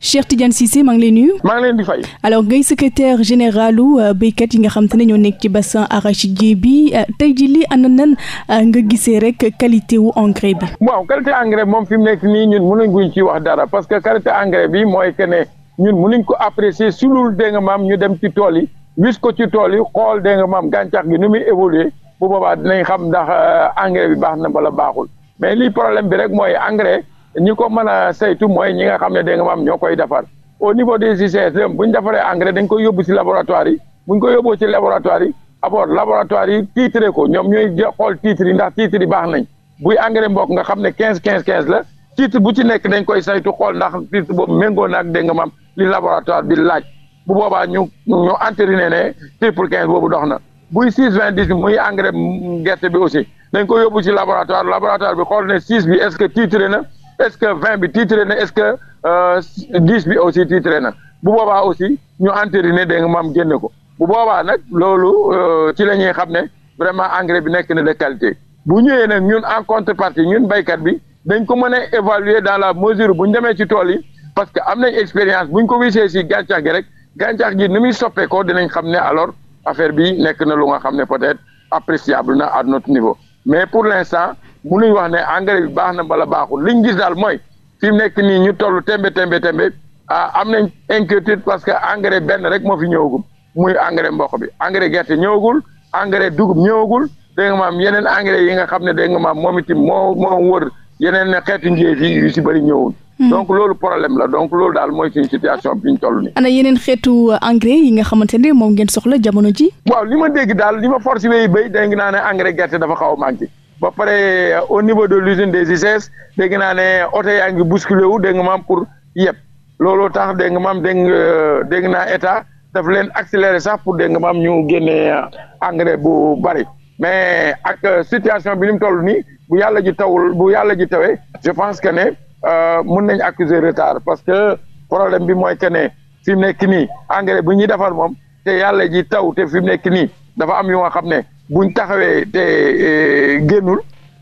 Cheikh Tidiane Cissé maa ngi lay nuyu. maa ngi leen di fay. alors ngay secrétaire généralu euh, béykat yi nga xam te ne ñoo nekk ci bassin arachidier bi euh, tey ji lii ana nan euh, nga gisee rek qualité wu engrais bi. waaw qualité engrais moom fi mu nekk nii ñun mënuñ ko ci wax dara parce que qualité engrais bi mooy que ne ñun mënuñ ko apprécier su lul nga maam ñu dem ci tool yi wis ko ci tool yi xool dégg nga maam gàncax gi nu muy évoluer bu boobaa dinañ xam ndax engrais bi baax na wala baaxul mais lii problème bi rek mooy engrais. ñi ko mën a saytu mooy ñi nga xam ne da nga maam ñoo koy defar au niveau des ICS bu ñu defaree engrais dañ koy yóbbu ci laboratoire yi bu ñu ko yóbboo ci laboratoire yi abord yi titré ko ñoom ñooy xool titre yi ndax titre yi baax nañ buy engrais mbokk nga xam ne quinze quinze quinze la titre bu ci nekk dañ koy saytu xool ndax titre boobu méngoo na ak dégg nga maam li laboratoire bi laaj bu boobaa ñu ñu entériné ne triple quinze boobu dox na buy six vingt dix muy engrais gerte bi aussi dañ koy yóbbu ci laboratoire laboratoire bi xool ne six bi est-ce que titré na est-ce que vingt bi titré na est-ce que dix euh, bi aussi titré na bu boobaa aussi ñu entériné dégg nga maam génne ko bu boobaa nag loolu euh, ci la ñuy xam ne vraiment engrais bi nekk na de qualité bu ñëwee nag ñun en contrepartie ñun baykat bi dañ ko mën a évaluer dans la mesure bu ñu demee ci tool yi parce que am nañ expérience bu ñu ko wisee si gàncax gi rek gàncax gi ni muy soppeekoo dinañ xam ne alors affaire bi nekk na lu nga xam ne peut-être appréciable na à notre niveau mënuñ wax ne engrais bi baax na bala baaxul liñ gis daal mooy fi mu nekk nii ñu toll tembe tembe tembe ah am nañ inquiétude parce que engrais benn rek moo fi ñëwagum muy engrais mboq bi engrais gerte ñëwagul engrais dugub ñëwagul dégg nga maam yeneen engrais yi nga xam ne dégg nga maam moom itam moo moo wër yeneen xeetu njeef yi yu si bëri ñëwul. Hmm. donc loolu problème la donc loolu daal mooy suñu situation bi ñu toll nii. ana yeneen xeetu engrais yi nga xamante ne moom ngeen soxla jamono ji. waaw li ma dégg daal li ma force wéy béy dégg naa ne engrais gerte dafa xaw a manqué ba pare euh, au niveau de l'usine des ICS dégg naa ne oto yaa ngi bousculé wu dégg nga pour yëpp looloo tax dégg nga maam dégg naa état daf leen accéléré sax pour dégg nga maam ñu génne euh, engrais bu bari mais ak euh, situation bi ni mu toll nii bu yàlla ji tawul bu yàlla ji tawee je pense que ne mën nañ accuser retard parce que problème bi mooy que ne fi mu nekk nii engrais bu ñuy defar moom te yàlla ji taw te fi mu nekk nii dafa am yu nga xam ne buñ taxawee te eh, génnul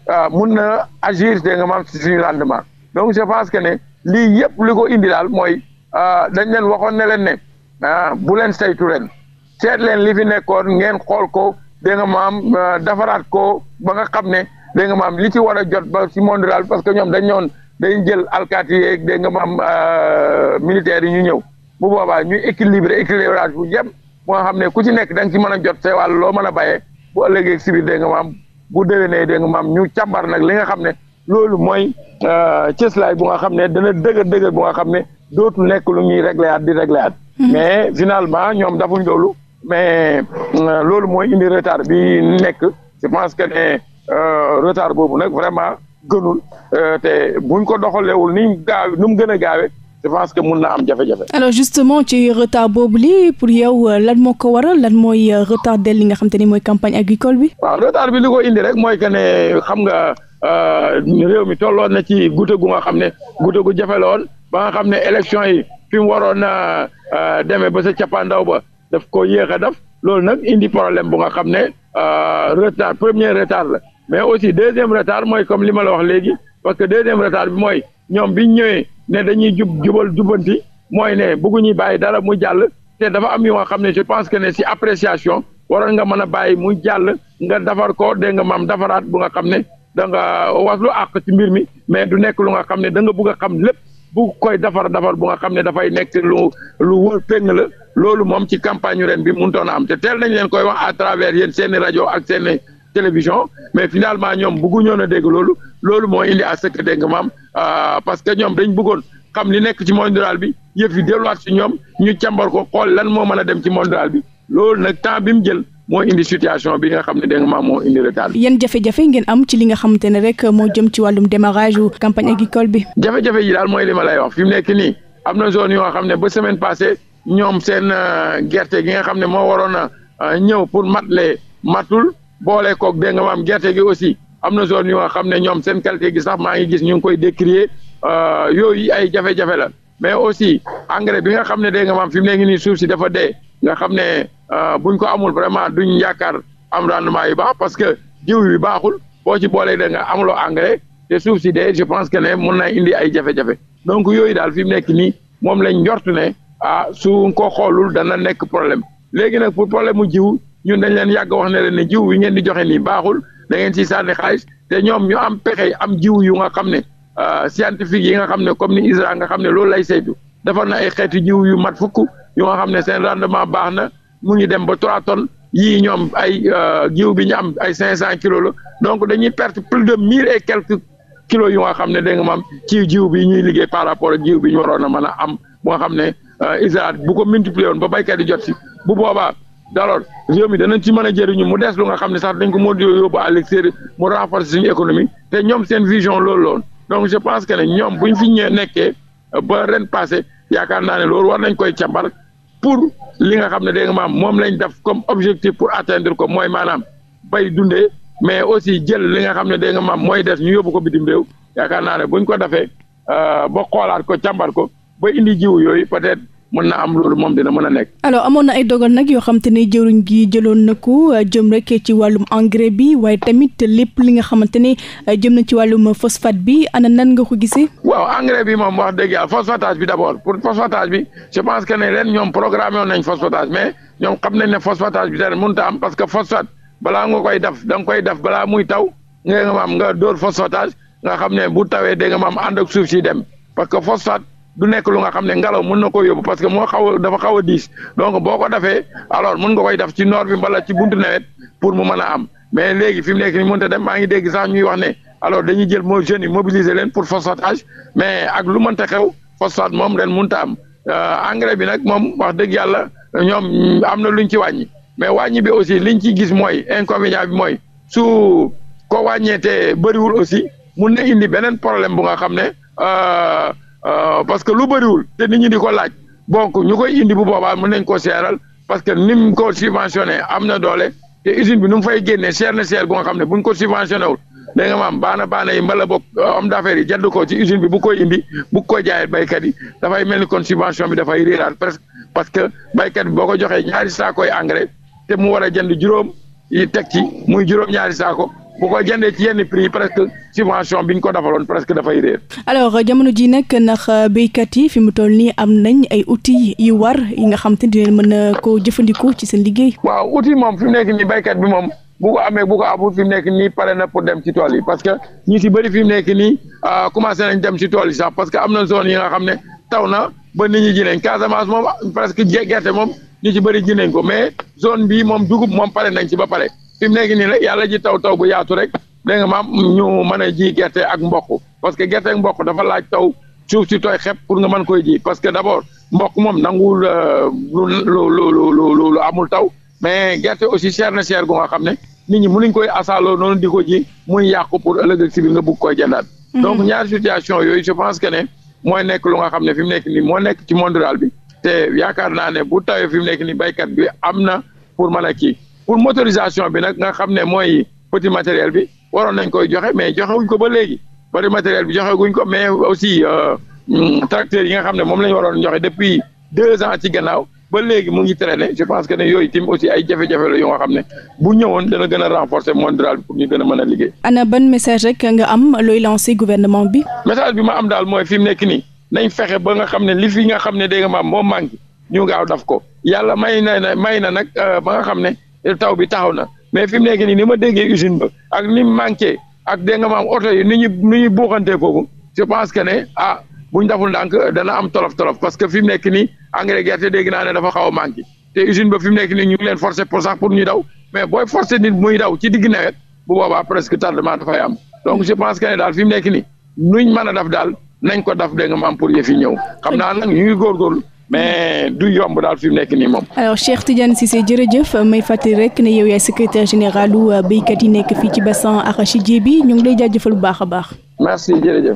ah, mun na agir te nga maam si suñu rendement donc je pense que ne lii yëpp li ko indi daal mooy ah, dañ leen waxoon ne leen ne ah, bu leen saytu leen seet leen li fi nekkoon ngeen xool ko dégg nga maam defaraat ko ba nga xam ne dégg nga maam li ci war a jot ba si monde rural parce que ñoom dañ dañ jël alkaati yeeg dégg nga maam militaires yi ñu ñëw bu boobaa ñu équilibré équilibrage bu yem moo xam ne ku ci nekk da nga ci mën a jot sa wàll loo mën a bayee bu ëllëgee si biir dégg nga maam bu déwénee dégg nga maam ñu càmbar nag li nga xam ne loolu mooy euh, cëslaay bu nga xam ne dana dëgër dëgër bu nga xam ne dootul nekk lu ñuy réglé at di réglé at hmm. mais finalement ñoom dafuñ loolu mais euh, loolu mooy indi retard bi nekk je pense que ne euh, retard boobu nag vraiment gënul te buñ ko doxalewul ni gaaw nu mu gën a gaawee je que mun na am jafe-jafe. alors justement ci retard boobu li pour yow lan moo ko waral lan mooy euh, retard del li nga xam te ni mooy campagne agricole bi. waaw retard bi li ko indi rek mooy que ne xam nga euh, réew mi tolloon na ci gudde gu nga xam ne gudde gu jafe la ba nga xam ne élection yi fi mu waroon na euh, demee ba sa cappaandaw ba def ko yéex a def loolu nag indi problème bu nga xam ne retard premier retard la mais aussi deuxième retard mooy comme li ma la wax léegi parce que deuxième retard bi mooy. ñoom bi ñëwee ne dañuy jub jubal jubanti mooy ne ñuy bàyyi dara mu jàll te dafa am yoo xam ne je pense que ne si appréciation waroon nga mën a bàyyi mu jàll nga defar ko dégg nga maam defaraat bu nga xam ne da nga waslu àq ci mbir mi mais du nekk lu nga xam ne da nga bëgg a xam lépp bu koy defar defar bu nga xam ne dafay nekk lu lu wër péng la loolu moom ci campagne ren bi mënutoon a am te teel nañ leen koy wax à travers yéen seeni rajo ak seeni télévision mais finalement ñoom bëgguñoon na dégg loolu loolu moo indi à ce que nga maam euh, parce que ñoom dañ bëggoon xam li nekk ci monde rural bi yëf yi delluwaat si ñoom ñu càmbar ko xool lan moo mën a dem ci monde rural bi loolu nag temps bi mu jël moo indi situation bi nga xam ne dégg nga maam moo indi retard bi. yan jafe-jafe ngeen am ci li nga xamante ne rek moo jëm ci wàllum démarrage wu campagne agricole bi. jafe-jafe yi daal mooy li ma lay wax fi mu nekk nii am na zone yoo xam ne ba semaine passée ñoom seen euh, gerte gi nga xam ne moo waroon a euh, ñëw pour mat le matul. boole koog dégg nga maam gerte gi aussi am na zone yoo xam ne ñoom seen qualité gi sax maa ngi gis ñu ngi koy décrier euh, yooyu ay jafe-jafe la mais aussi engrais bi nga xam ne dégg nga maam fim mu ne ngi nii suuf si dafa dee nga xam ne euh, buñ ko amul vraiment duñ yaakaar am rendement yu baax parce que jiw yu baaxul boo ci boolee da nga amuloo engrais te suuf si dee je pense que ne mun na indi ay jafe-jafe donc yooyu daal fi mu nekk nii moom lañ njort ne ah su ko xoolul dana nekk problème léegi nag pour problème mu jiw ñun dañ leen yàgg wax ne leen ne jiw wi ngeen di joxe nii baaxul da ngeen ciy sànni xaalis te ñoom ñu am pexe am jiw yu nga xam ne euh, scientifique yi nga xam ne comme ni ISRA nga xam ne loolu lay saytu defar na ay xeeti jiw yu mat fukk yu nga xam ne seen rendement baax na mu ngi dem ba trois tonnes yii ñoom ay euh, jiw bi ñu am ay cinq cent kilos la donc dañuy perte plus de mille et quelques kilos yu nga xam ne da nga maam ci jiw bi ñuy liggéey par rapport ak jiw bi ñu waroon a mën a am bu xam ne euh, ISRA bu ko multiplier woon ba béykat yi jot si bu boobaa alors réew mi danañ ci mën a jëriñu mu des lu nga xam ne sax dañ ko moo yóbbu à l'extérieur mu renforcer suñu économie te ñoom seen vision lool loon donc je pense que ne bu ñu fi ñëwee nekkee ba ren passé yaakaar naa ne loolu war nañ koy càmbar pour li nga xam ne dégg nga maam moom lañ def comme objectif pour atteindre ko mooy maanaam bay dundee mais aussi jël li nga xam ne dégg nga maam mooy des ñu yóbbu ko bitim réew yaakaar naa ne buñ ko defee euh, ba xoolaat ko càmbar ko ba indi jiwu yooyu peut-être mën na am loolu moom dina mën a nekk. alors amoon na ay dogal nag yoo xam te ne jëruñ gi jëloon na ko euh, jëm rek ci wàllum engrais bi waaye tamit lépp li nga xamante ne euh, jëm na ci wàllum phosphate bi ana nan nga ko gisee. waaw engrais bi moom wax dëgg yàlla phosphatage bi d' abord pour phosphatage bi je pense que ne ren ñoom programme woon nañ phosphatage mais ñoom xam nañ ne phosphatage bi ren mënut a am parce que phosphate balaa nga koy def da nga koy def balaa muy taw nga nga maam nga dóor phosphatage xam ne bu tawee da nga maam ànd ak suuf si dem parce que phosphate. du nekk lu nga xam ne ngelaw mun na koo yóbbu parce que moo xaw a dafa xaw a diis donc boo ko defee alors mën nga koy def ci noor bi mbala ci buntu nawet pour mu mën a am mais léegi fi mu nekk ni ta dem maa ngi dégg sax ñuy wax ne alors dañuy jël jeunes yi mobiliser leen pour phosphatage mais ak lu mënta xew phosphate moom ren mënta am euh, engrais bi nag moom wax dëgg yàlla ñoom am na lu luñ ci wàññi mais wàññi bi aussi liñ ci gis mooy inconvénient bi mooy su ko wàññeetee bëriwul aussi mun na indi beneen problème bu nga xam ne euh, Euh, parce que lu bëriwul te nit ñi di ko laaj bonk ñu koy indi bu boobaa mën nañ ko seeral parce que ni mu ko subventionné am na doole te usine bi nu mu fay génnee seer na seer bu nga xam ne buñ ko subventionné wul da nga maam baana baana yi mbala boog euh, homme d'affaires ko ci usine bi bu ko indi bu koy jaayee baykat yi dafay mel ni kon subvention bi dafay riiraat presque parce que baykat bi boo ko joxee ñaari saako yi engrais te mu war a jënd juróom yi teg ci muy juróom ñaari saako bu ko jëndee ci yenn prix presque subvention bi ñu ko defaloon presque dafay réer. alors euh, jamono ji nag ndax euh, béykat yi fi mu toll nii am nañ ay outils yi war yi nga xam te dinañ mën a ko jëfandikoo ci seen liggéey. waaw outil moom fi mu nekk nii béykat bi moom bu amee bu ko amul fi mu nekk nii pare na pour dem ci tool yi parce que ñu si bëri fi mu nekk nii euh, commencé nañ dem ci tool yi sax parce que am na zone yi nga xam ne taw na ba nit ñi ji nañ moom presque gerte moom ñu ci bëri ji nañ ko mais zone bii moom dugub moom pare nañ ci ba pare. fi mu nekk nii nag yàlla ji taw taw bu yaatu rek dégg nga maam ñu mën a ji gerte ak mboq parce que gerte ak mboq dafa laaj taw suuf si tooy xepp pour nga mën koy ji parce que d'abord mboq moom nanguwul euh, lu lu lu lu amul taw mais gerte aussi cher na cher gu nga xam ne nit ñi mënuñ koy asaaloo noonu di ko ji muy yàqu pour ëllëg ak si biir nga bugg koy jëndaat. Mm-hmm. donc ñaari situation yooyu je pense que ne mooy nekk lu nga xam ne fi mu nekk nii moo nekk ci monde rural bi te yaakaar naa ne bu tawee fi mu nekk nii béykat bi am na pour mën kii. pour motorisation bi nag nga xam ne mooy petit matériel bi waroon nañ koy joxe mais joxewuñ ko ba léegi petit matériel bi joxeguñ ko mais aussi euh, mm, tracteurs yi nga xam ne moom la ñu waroon joxe depuis deux ans ci gannaaw ba léegi mu ngi traîner je pense que ne yooyu tim aussi ay jafe-jafe la yoo nga xam ne bu ñëwoon dana gën a renforcer monde rural bi pour ñu gën a mën a liggéey. ana ban message rek nga am looy lancer gouvernement bi. message bi ma am daal mooy fi mu nekk nañ fexe ba nga xam ne li fi nga xam ne dégg nga maam moo manqué ñu gaaw daf ko yàlla may na may na nag euh, ba nga xam ne. taw bi taxaw na mais fi mu nekk nii ni ma déggee usine ba ak ni mu manqué ak dégg nga maam oto yi ni ñu ni ñuy buuxantee foofu je pense que ne ah bu ñu deful ndànk dana am tolof tolof parce que fi mu nekk nii engrais gerte dégg naa ne dafa xaw a manqué te usine ba fi mu nekk nii ñu ngi leen forcé pour sax pour ñu daw mais booy forcé nit muy daw ci digg nawet bu boobaa presque tardement dafay am donc je pense que ne daal fi mu nii nuñ mën a def daal nañ ko def dégg nga maam pour yëf yi ñëw xam naa nag ñu ngi góorgóorlu mais du yomb daal fi mu nekk nii moom. alors Cheikh Tidiane Cissé jërëjëf may fàttali rek ne yow yaay secrétaire général u euh, béykat yi nekk fii ci a arachidier bi ñoo ngi lay jaajëfal bu baax a baax. merci jërëjëf.